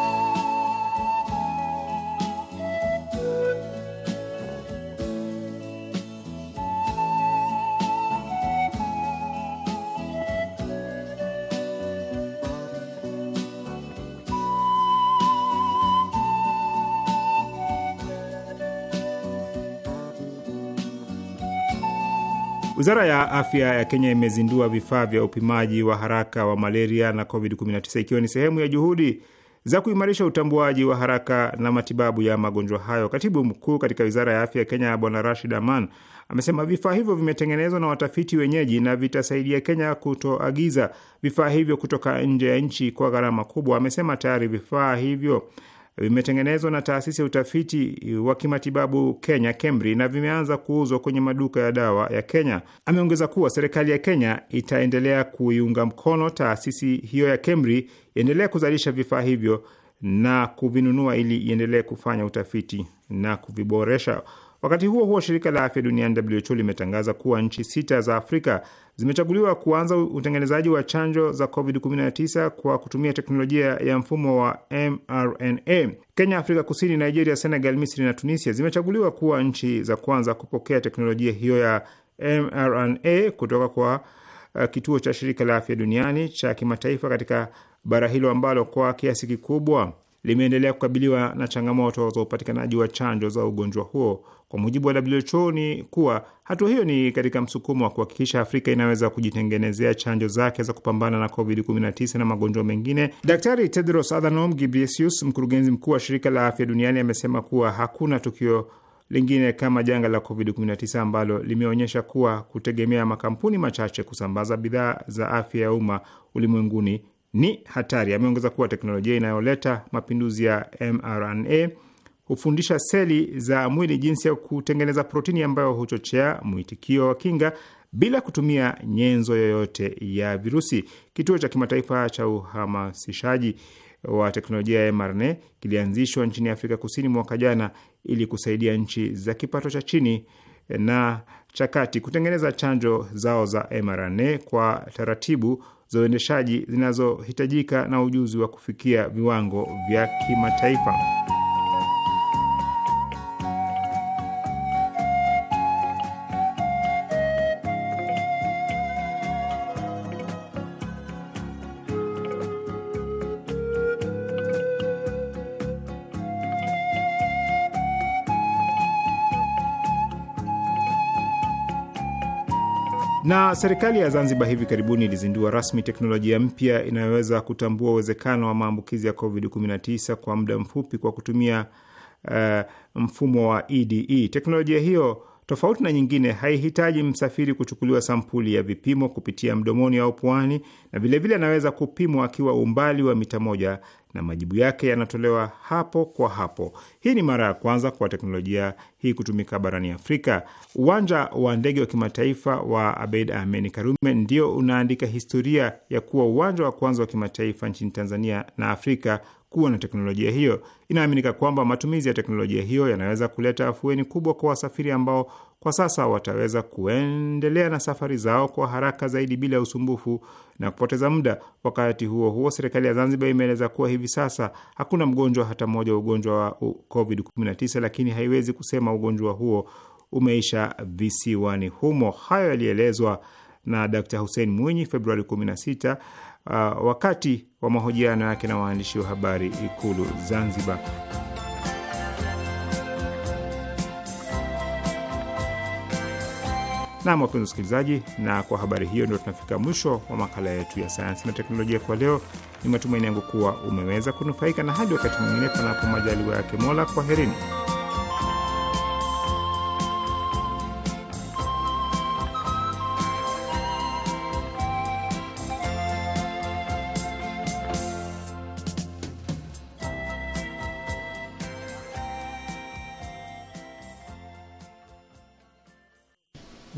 Wizara ya afya ya Kenya imezindua vifaa vya upimaji wa haraka wa malaria na COVID-19 ikiwa ni sehemu ya juhudi za kuimarisha utambuaji wa haraka na matibabu ya magonjwa hayo. Katibu mkuu katika wizara ya afya ya Kenya Bwana Rashid Aman amesema vifaa hivyo vimetengenezwa na watafiti wenyeji na vitasaidia Kenya kutoagiza vifaa hivyo kutoka nje ya nchi kwa gharama kubwa. Amesema tayari vifaa hivyo vimetengenezwa na taasisi ya utafiti wa kimatibabu Kenya KEMRI na vimeanza kuuzwa kwenye maduka ya dawa ya Kenya. Ameongeza kuwa serikali ya Kenya itaendelea kuiunga mkono taasisi hiyo ya KEMRI iendelee kuzalisha vifaa hivyo na kuvinunua ili iendelee kufanya utafiti na kuviboresha. Wakati huo huo, shirika la afya duniani WHO limetangaza kuwa nchi sita za Afrika zimechaguliwa kuanza utengenezaji wa chanjo za COVID-19 kwa kutumia teknolojia ya mfumo wa mRNA. Kenya, Afrika Kusini, Nigeria, Senegal, Misri na Tunisia zimechaguliwa kuwa nchi za kwanza kupokea teknolojia hiyo ya mRNA kutoka kwa uh, kituo cha shirika la afya duniani cha kimataifa katika bara hilo ambalo kwa kiasi kikubwa limeendelea kukabiliwa na changamoto za upatikanaji wa chanjo za ugonjwa huo. Kwa mujibu wa WHO ni kuwa hatua hiyo ni katika msukumo wa kuhakikisha Afrika inaweza kujitengenezea chanjo zake za kupambana na COVID-19 na magonjwa mengine. Daktari Tedros Adhanom Ghebreyesus, mkurugenzi mkuu wa shirika la afya duniani, amesema kuwa hakuna tukio lingine kama janga la COVID-19 ambalo limeonyesha kuwa kutegemea makampuni machache kusambaza bidhaa za afya ya umma ulimwenguni ni hatari. Ameongeza kuwa teknolojia inayoleta mapinduzi ya mRNA hufundisha seli za mwili jinsi ya kutengeneza protini ambayo huchochea mwitikio wa kinga bila kutumia nyenzo yoyote ya virusi. Kituo cha kimataifa cha uhamasishaji wa teknolojia ya mRNA kilianzishwa nchini Afrika Kusini mwaka jana ili kusaidia nchi za kipato cha chini na cha kati kutengeneza chanjo zao za mRNA kwa taratibu za uendeshaji zinazohitajika na ujuzi wa kufikia viwango vya kimataifa. Na serikali ya Zanzibar hivi karibuni ilizindua rasmi teknolojia mpya inayoweza kutambua uwezekano wa maambukizi ya COVID-19 kwa muda mfupi kwa kutumia uh, mfumo wa EDE. E. Teknolojia hiyo Tofauti na nyingine, haihitaji msafiri kuchukuliwa sampuli ya vipimo kupitia mdomoni au puani, na vilevile anaweza vile kupimwa akiwa umbali wa mita moja na majibu yake yanatolewa hapo kwa hapo. Hii ni mara ya kwanza kwa teknolojia hii kutumika barani Afrika. Uwanja wa ndege wa kimataifa wa Abeid Amani Karume ndio unaandika historia ya kuwa uwanja wa kwanza wa kimataifa nchini Tanzania na Afrika kuwa na teknolojia hiyo. Inaaminika kwamba matumizi ya teknolojia hiyo yanaweza kuleta afueni kubwa kwa wasafiri ambao kwa sasa wataweza kuendelea na safari zao kwa haraka zaidi bila usumbufu na kupoteza muda. Wakati huo huo, serikali ya Zanzibar imeeleza kuwa hivi sasa hakuna mgonjwa hata mmoja wa ugonjwa wa COVID-19, lakini haiwezi kusema ugonjwa huo umeisha visiwani humo. Hayo yalielezwa na Dr. Hussein Mwinyi Februari 16 uh, wakati wa mahojiano yake na waandishi wa habari Ikulu Zanzibar. Nam, wapenzi wasikilizaji, na kwa habari hiyo ndio tunafika mwisho wa makala yetu ya sayansi na teknolojia kwa leo. Ni matumaini yangu kuwa umeweza kunufaika, na hadi wakati mwingine, panapo majaliwa yake Mola, kwaherini.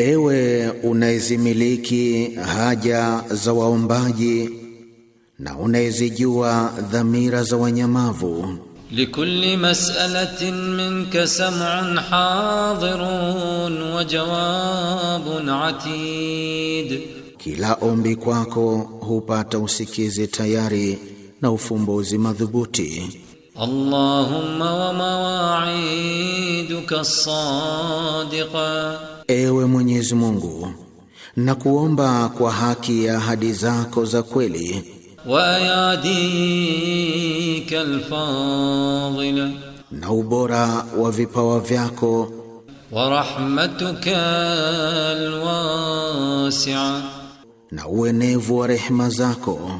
Ewe unayezimiliki haja za waombaji na unayezijua dhamira za wanyamavu. Likulli mas'alatin minka sam'un hadirun wa jawabun atid, kila ombi kwako hupata usikizi tayari na ufumbuzi madhubuti. Allahumma wa mawa'iduka sadiqa Ewe Mwenyezi Mungu, na kuomba kwa haki ya ahadi zako za kweli Wa yadika alfadila, na ubora wa vipawa vyako wa rahmatuka alwasi'a, na uenevu wa rehema zako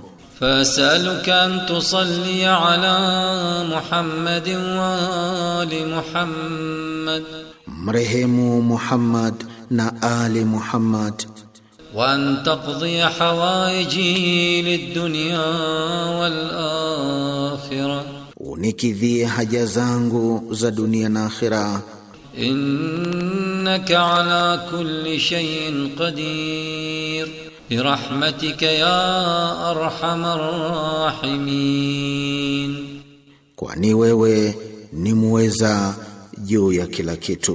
Fasaluka فاسألك أن تصلي على محمد وآل محمد marehemu Muhammad na Ali Muhammad وأن تقضي حوائجي للدنيا والآخرة unikidhie haja zangu za dunia na akhira. Innaka ala kulli shay'in qadir bi rahmatika ya arhamar rahimin, kwani wewe ni muweza juu ya kila kitu.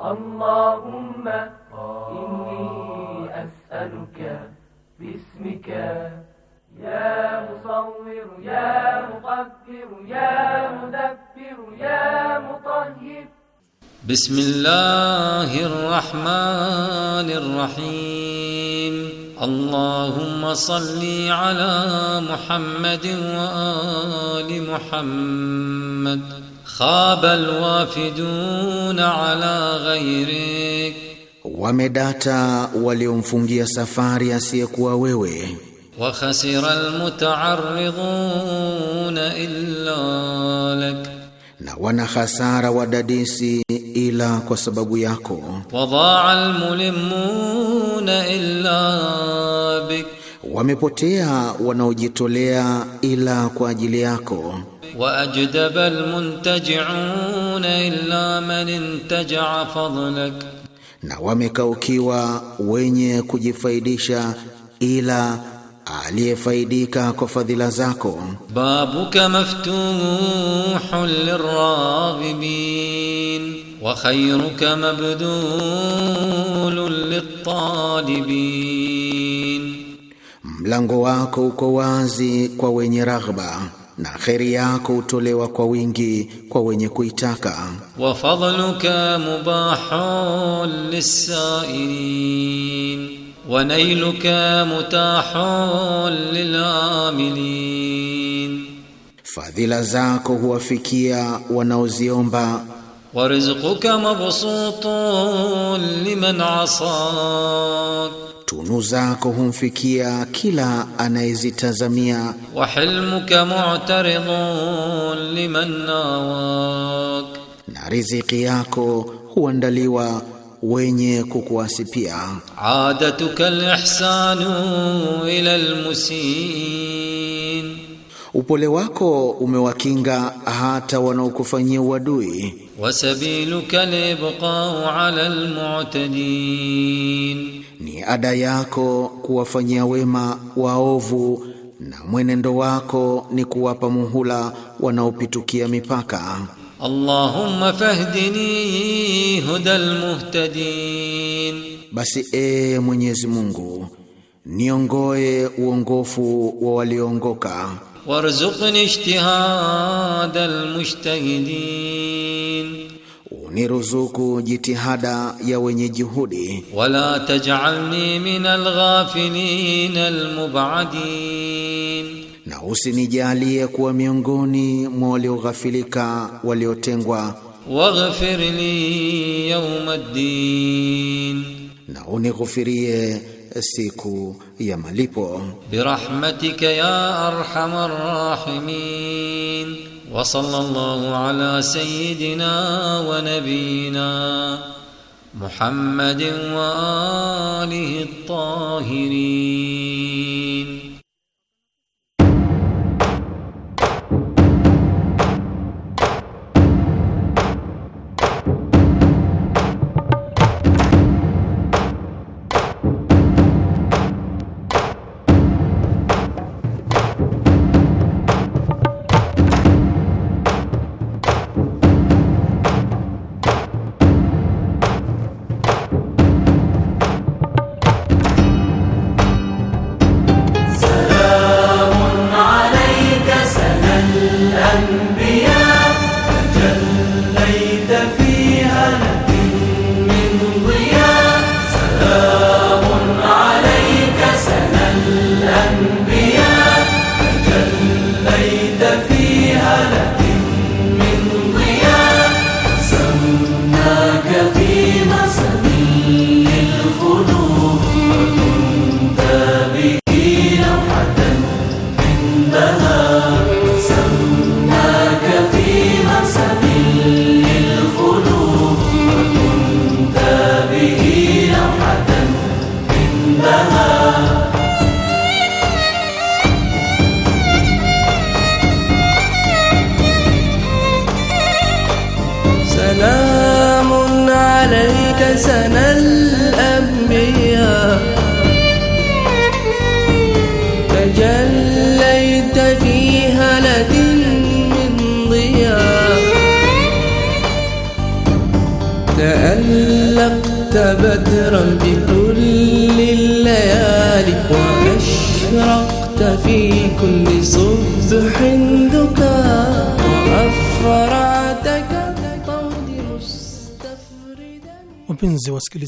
Allahumma inni as'aluka bismika ya musawwir ya muqaddir ya mudabbir ya mutahhir بسم الله الرحمن الرحيم اللهم صل على محمد وآل محمد khaba alwafidun ala ghairik, wamedata waliomfungia safari asiyekuwa wewe. Wa khasira almuta'arridun illa lak, na wana hasara wadadisi ila kwa sababu yako. Wa illa bik wamepotea wanaojitolea ila kwa ajili yako. wa ajdaba almuntajun illa man intaja fadlak, na wamekaukiwa wenye kujifaidisha ila aliyefaidika kwa fadhila zako. babuka maftuhun liraghibin wa khayruka mabdulun litalibin mlango wako uko wazi kwa wenye raghba na kheri yako hutolewa kwa wingi kwa wenye kuitaka. wa fadluka mubahun lisailin wa nailuka mutahun lilamilin, fadhila zako huwafikia wanaoziomba. wa rizquka mabsutun liman asaka tunu zako humfikia kila anayezitazamia. wa hilmuka mu'taridun liman nawak, na riziki yako huandaliwa wenye kukuasipia. adatuka alihsanu ila almusin, upole wako umewakinga hata wanaokufanyia uadui وسبيلك libqau على المعتدين ni ada yako kuwafanyia wema waovu na mwenendo wako ni kuwapa muhula wanaopitukia mipaka. Allahumma fahdini hudal muhtadin, basi ee Mwenyezi Mungu niongoe uongofu wa walioongoka warzuqni ijtihada almujtahidin uniruzuku jitihada ya wenye juhudi wala taj'alni min alghafilin almubadin na usinijalie kuwa miongoni mwa walioghafilika waliotengwa waghfir li yawm ad-din na unighufirie siku ya malipo. Birahmatika ya arhamar rahimin wa sallallahu ala sayyidina wa nabiyina Muhammadin wa alihi at-tahirin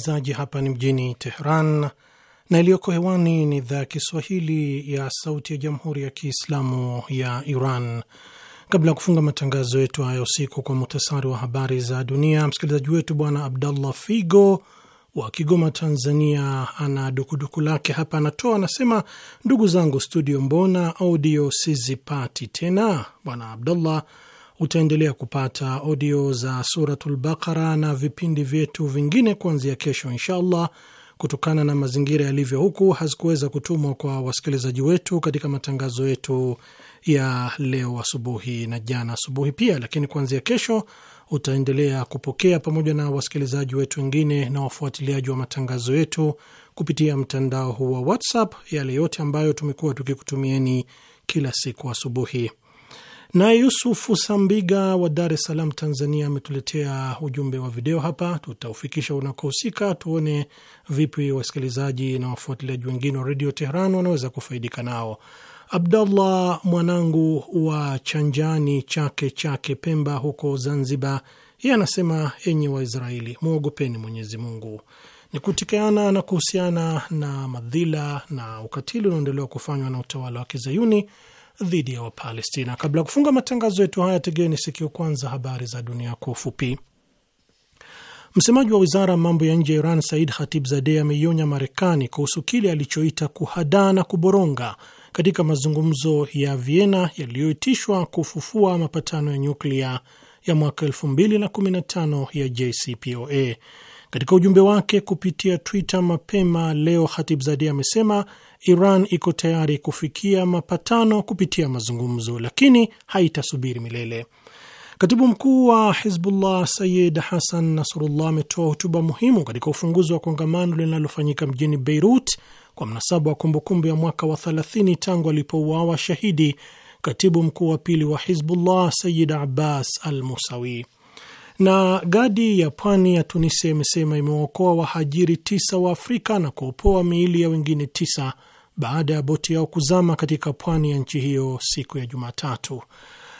msikilizaji, hapa ni mjini Teheran na iliyoko hewani ni idhaa ya Kiswahili ya Sauti ya Jamhuri ya Kiislamu ya Iran. Kabla ya kufunga matangazo yetu haya usiku kwa muhtasari wa habari za dunia, msikilizaji wetu Bwana Abdallah Figo wa Kigoma, Tanzania, ana dukuduku lake hapa anatoa, anasema: ndugu zangu studio, mbona audio sizipati tena? Bwana Abdallah utaendelea kupata audio za Suratul Baqara na vipindi vyetu vingine kuanzia kesho insha Allah. Kutokana na mazingira yalivyo huku, hazikuweza kutumwa kwa wasikilizaji wetu katika matangazo yetu ya leo asubuhi na jana asubuhi pia, lakini kuanzia kesho utaendelea kupokea pamoja na wasikilizaji wetu wengine na wafuatiliaji wa matangazo yetu kupitia mtandao huu wa WhatsApp yale yote ambayo tumekuwa tukikutumieni kila siku asubuhi. Na Yusufu Sambiga wa Dar es Salaam, Tanzania, ametuletea ujumbe wa video hapa, tutaufikisha unakohusika. Tuone vipi wasikilizaji na wafuatiliaji wengine wa redio Teheran wanaweza kufaidika nao. Abdallah mwanangu wa Chanjani Chake Chake, Pemba huko Zanzibar, yeye anasema, enye Waisraeli mwogopeni Mwenyezi Mungu. Ni kutikana na kuhusiana na madhila na ukatili unaoendelewa kufanywa na utawala wa kizayuni dhidi ya Wapalestina. Kabla ya kufunga matangazo yetu haya, tegeni sikio kwanza habari za dunia kwa ufupi. Msemaji wa wizara ya mambo ya nje ya Iran Said Khatibzadeh ameionya Marekani kuhusu kile alichoita kuhadaa na kuboronga katika mazungumzo ya Vienna yaliyoitishwa kufufua mapatano ya nyuklia ya mwaka 2015 ya JCPOA. Katika ujumbe wake kupitia Twitter mapema leo, Khatibzadeh amesema Iran iko tayari kufikia mapatano kupitia mazungumzo, lakini haitasubiri milele. Katibu mkuu wa Hizbullah Sayid Hasan Nasrullah ametoa hotuba muhimu katika ufunguzi wa kongamano linalofanyika mjini Beirut kwa mnasaba wa kumbukumbu ya mwaka wa 30 tangu alipouawa shahidi katibu mkuu wa pili wa Hizbullah Sayid Abbas al Musawi. Na gadi ya pwani ya Tunisia imesema imeokoa wahajiri tisa wa Afrika na kuopoa miili ya wengine tisa baada ya boti yao kuzama katika pwani ya nchi hiyo siku ya Jumatatu.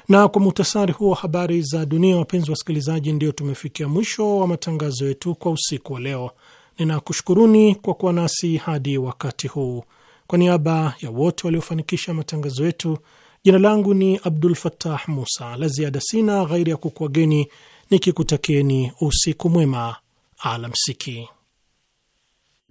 Na kwa muhtasari huo habari za dunia, wapenzi wasikilizaji, ndio tumefikia mwisho wa matangazo yetu kwa usiku wa leo. Ninakushukuruni kwa kuwa nasi hadi wakati huu. Kwa niaba ya wote waliofanikisha matangazo yetu, jina langu ni Abdul Fattah Musa. La ziada sina, ghairi ya kukuageni nikikutakieni usiku mwema, alamsiki.